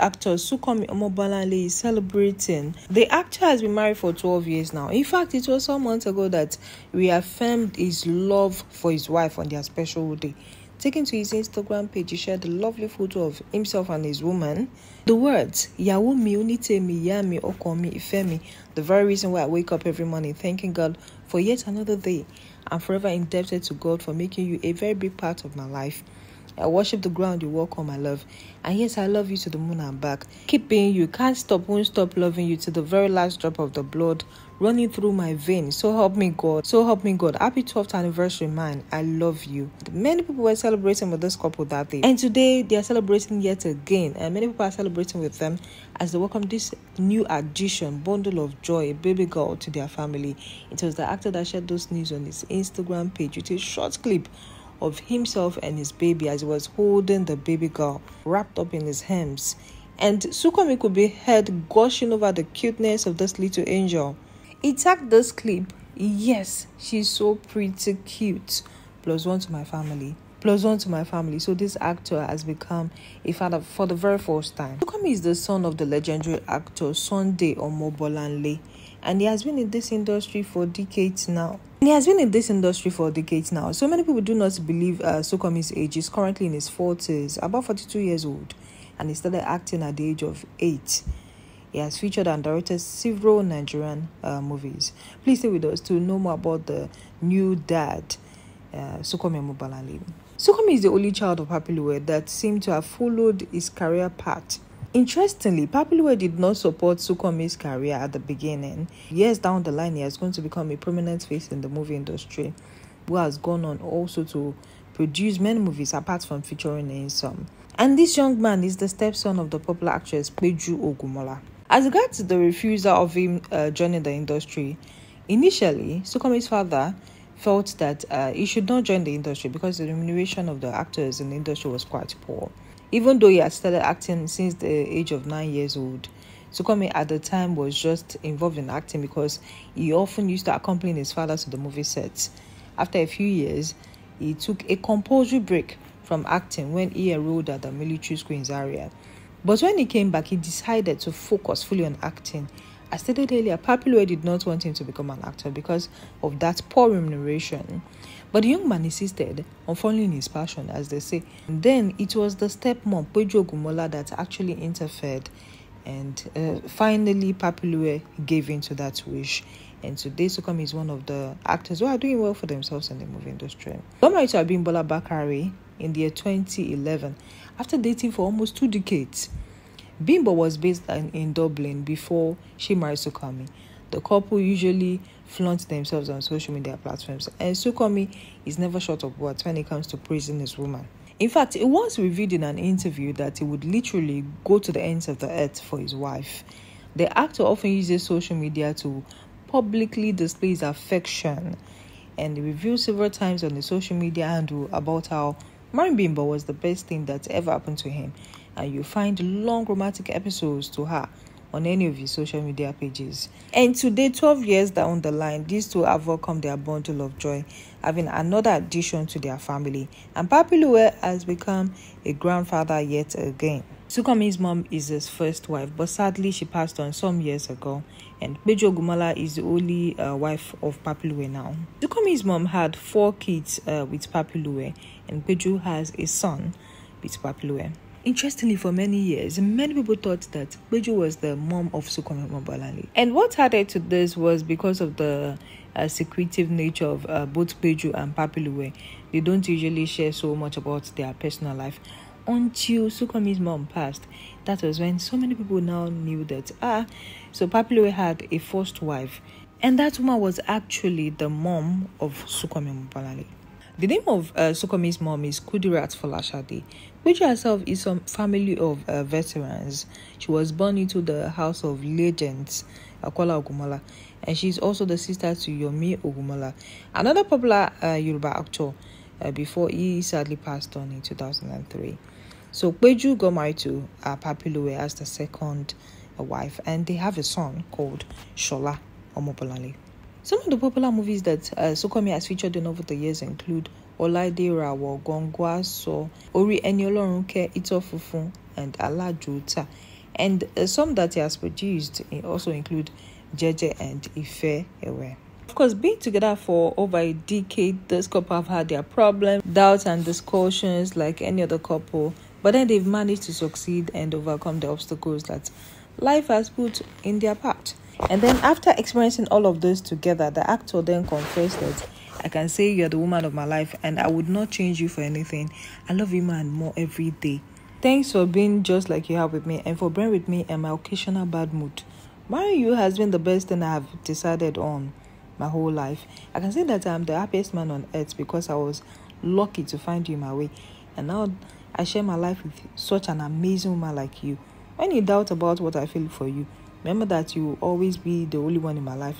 actor Sukomi Omobalale is celebrating. The actor has been married for 12 years now. In fact, it was some months ago that reaffirmed his love for his wife on their special day. Taking to his Instagram page, he shared a lovely photo of himself and his woman. The words, Yahoo mi, unite mi, yami, okomi, ifemi, the very reason why I wake up every morning thanking God for yet another day. I'm forever indebted to God for making you a very big part of my life. I worship the ground you walk on, my love. And yes, I love you to the moon and back. Keep being you. Can't stop, won't stop loving you to the very last drop of the blood running through my veins. So help me God. So help me God. Happy 12th anniversary, man. I love you. Many people were celebrating with this couple that day. And today they are celebrating yet again. And many people are celebrating with them as they welcome this new addition, bundle of joy, baby girl to their family. It was the actor that shared those news on his Instagram page with a short clip of himself and his baby as he was holding the baby girl wrapped up in his hands. And Sukomi could be heard gushing over the cuteness of this little angel. He tagged this clip. Yes, she's so pretty cute. Plus one to my family. Plus one to my family. So this actor has become a father for the very first time. Sukomi is the son of the legendary actor Sunday Omobolanle and he has been in this industry for decades now. And he has been in this industry for decades now. So many people do not believe uh, Sokomi's age. He's currently in his 40s, about 42 years old, and he started acting at the age of 8. He has featured and directed several Nigerian uh, movies. Please stay with us to know more about the new dad, uh, Sokomi Mubalali. Sokomi is the only child of Happy that seemed to have followed his career path Interestingly, Papiluwe did not support Sukomi's career at the beginning. Years down the line, he is going to become a prominent face in the movie industry, who has gone on also to produce many movies apart from featuring in some. And this young man is the stepson of the popular actress Peju Ogumola. As regards to the refusal of him uh, joining the industry, initially, Sukomi's father felt that uh, he should not join the industry because the remuneration of the actors in the industry was quite poor even though he had started acting since the age of nine years old. Sukomi at the time was just involved in acting because he often used to accompany his father to the movie sets. After a few years, he took a compulsory break from acting when he enrolled at the military school in Zaria. But when he came back, he decided to focus fully on acting I stated earlier, Papilue did not want him to become an actor because of that poor remuneration. But the young man insisted on following his passion, as they say. And then it was the stepmom, Pejo Gumola, that actually interfered. And uh, finally, Papilue gave in to that wish. And today, Sukum is one of the actors who are doing well for themselves in the movie industry. Got to Abimbola Bakari in the year 2011 after dating for almost two decades. Bimbo was based in Dublin before she married Sukami. The couple usually flaunt themselves on social media platforms, and Sukami is never short of words when it comes to praising his woman. In fact, he once revealed in an interview that he would literally go to the ends of the earth for his wife. The actor often uses social media to publicly display his affection and he revealed several times on the social media handle about how marrying Bimbo was the best thing that ever happened to him and you find long romantic episodes to her on any of his social media pages. And today, 12 years down the line, these two have welcomed their bundle of joy, having another addition to their family. And Papi Lue has become a grandfather yet again. Sukami's mom is his first wife, but sadly she passed on some years ago, and Bejo Gumala is the only uh, wife of Lue now. Sukami's mom had four kids uh, with Lue, and Bejo has a son with Lue. Interestingly, for many years, many people thought that Beju was the mom of Sukome Mobalani. And what added to this was because of the uh, secretive nature of uh, both Beju and Papiluwe. They don't usually share so much about their personal life until Sukomi's mom passed. That was when so many people now knew that, ah, so Papiluwe had a first wife. And that woman was actually the mom of Sukomi Mobalani. The name of uh, mom is Kudirat Falashade, which herself is a family of uh, veterans. She was born into the house of legends Akola Ogumala, and she is also the sister to Yomi Ogumala, another popular uh, Yoruba actor uh, before he sadly passed on in 2003. So Kweju got married to uh, Papiluwe as the second uh, wife, and they have a son called Shola Omobolale. Some of the popular movies that uh, Sokomi has featured in over the years include Olaide Rawo, Gongwa So, Ori Eniolorunke, Ito Fufun, and Ala Juta. And uh, some that he has produced also include Jeje and Ife Ewe. Of course, being together for over a decade, this couple have had their problems, doubts, and discussions like any other couple, but then they've managed to succeed and overcome the obstacles that life has put in their path. And then after experiencing all of this together, the actor then confessed that I can say you're the woman of my life and I would not change you for anything. I love you more and more every day. Thanks for being just like you have with me and for being with me and my occasional bad mood. Marrying you has been the best thing I have decided on my whole life. I can say that I'm the happiest man on earth because I was lucky to find you in my way. And now I share my life with such an amazing woman like you. When you doubt about what I feel for you, Remember that you will always be the only one in my life,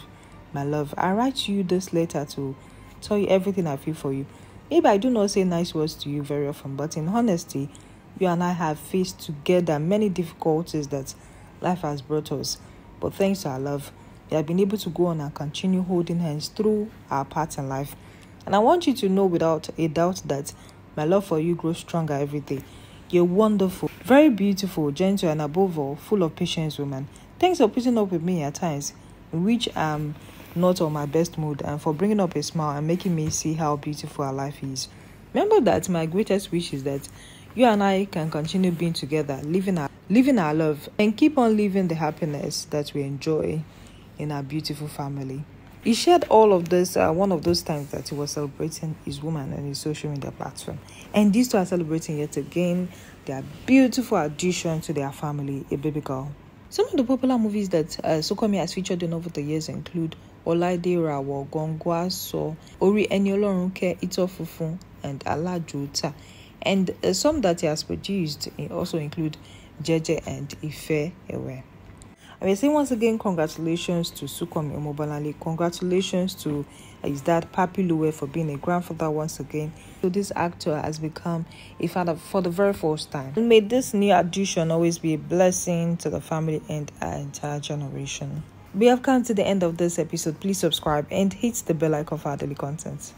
my love. I write you this letter to tell you everything I feel for you. Maybe I do not say nice words to you very often, but in honesty, you and I have faced together many difficulties that life has brought us. But thanks to our love, we have been able to go on and continue holding hands through our parts in life. And I want you to know without a doubt that my love for you grows stronger every day. You're wonderful, very beautiful, gentle, and above all, full of patience, woman. Thanks for putting up with me at times, which I'm not on my best mood, and for bringing up a smile and making me see how beautiful our life is. Remember that my greatest wish is that you and I can continue being together, living our, living our love, and keep on living the happiness that we enjoy in our beautiful family. He shared all of this uh, one of those times that he was celebrating his woman on his social media platform. And these two are celebrating yet again their beautiful addition to their family, a baby girl. Some of the popular movies that uh, Sokomi has featured in over the years include Olaide Rawo, Gongwa So, Ori Eni Ito Itofufun, and Alajota. And uh, some that he has produced also include Jeje and Ife Ewe. I will say once again, congratulations to Sukom Emobalale. Congratulations to his dad, Papi Lue, for being a grandfather once again. So this actor has become a father for the very first time. And may this new addition always be a blessing to the family and our entire generation. We have come to the end of this episode. Please subscribe and hit the bell icon for daily content.